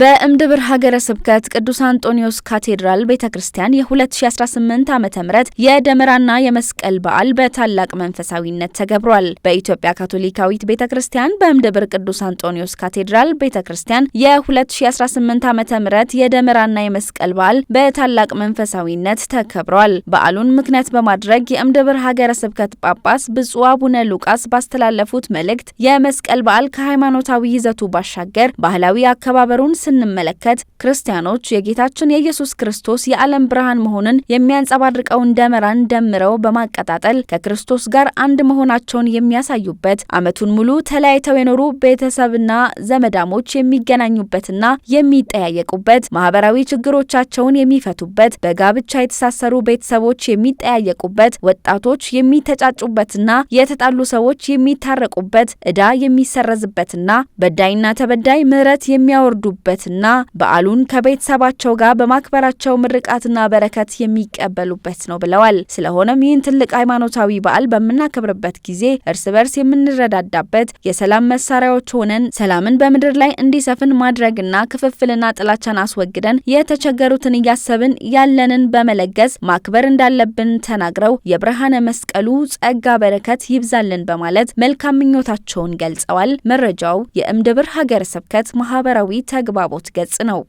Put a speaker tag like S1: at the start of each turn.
S1: በእምድብር ሀገረ ስብከት ቅዱስ አንጦኒዮስ ካቴድራል ቤተ ክርስቲያን የ2018 ዓ ም የደመራና የመስቀል በዓል በታላቅ መንፈሳዊነት ተገብሯል። በኢትዮጵያ ካቶሊካዊት ቤተ ክርስቲያን በእምድብር ቅዱስ አንጦኒዮስ ካቴድራል ቤተ ክርስቲያን የ2018 ዓ ም የደመራና የመስቀል በዓል በታላቅ መንፈሳዊነት ተከብሯል። በዓሉን ምክንያት በማድረግ የእምድብር ሀገረ ስብከት ጳጳስ ብፁዕ አቡነ ሉቃስ ባስተላለፉት መልእክት የመስቀል በዓል ከሃይማኖታዊ ይዘቱ ባሻገር ባህላዊ አከባበሩን መሆኑን ስንመለከት ክርስቲያኖች የጌታችን የኢየሱስ ክርስቶስ የዓለም ብርሃን መሆንን የሚያንጸባርቀውን ደመራን ደምረው በማቀጣጠል ከክርስቶስ ጋር አንድ መሆናቸውን የሚያሳዩበት ዓመቱን ሙሉ ተለያይተው የኖሩ ቤተሰብና ዘመዳሞች የሚገናኙበትና የሚጠያየቁበት፣ ማህበራዊ ችግሮቻቸውን የሚፈቱበት፣ በጋብቻ የተሳሰሩ ቤተሰቦች የሚጠያየቁበት፣ ወጣቶች የሚተጫጩበትና የተጣሉ ሰዎች የሚታረቁበት፣ ዕዳ የሚሰረዝበትና በዳይና ተበዳይ ምሕረት የሚያወርዱ የሚያከብሩበትና በዓሉን ከቤተሰባቸው ጋር በማክበራቸው ምርቃትና በረከት የሚቀበሉበት ነው ብለዋል። ስለሆነም ይህን ትልቅ ሃይማኖታዊ በዓል በምናከብርበት ጊዜ እርስ በርስ የምንረዳዳበት የሰላም መሳሪያዎች ሆነን ሰላምን በምድር ላይ እንዲሰፍን ማድረግና ክፍፍልና ጥላቻን አስወግደን የተቸገሩትን እያሰብን ያለንን በመለገስ ማክበር እንዳለብን ተናግረው የብርሃነ መስቀሉ ጸጋ በረከት ይብዛልን በማለት መልካም ምኞታቸውን ገልጸዋል። መረጃው የእምድብር ሀገረ ስብከት ማህበራዊ ተግባ አግባቦት ገጽ ነው።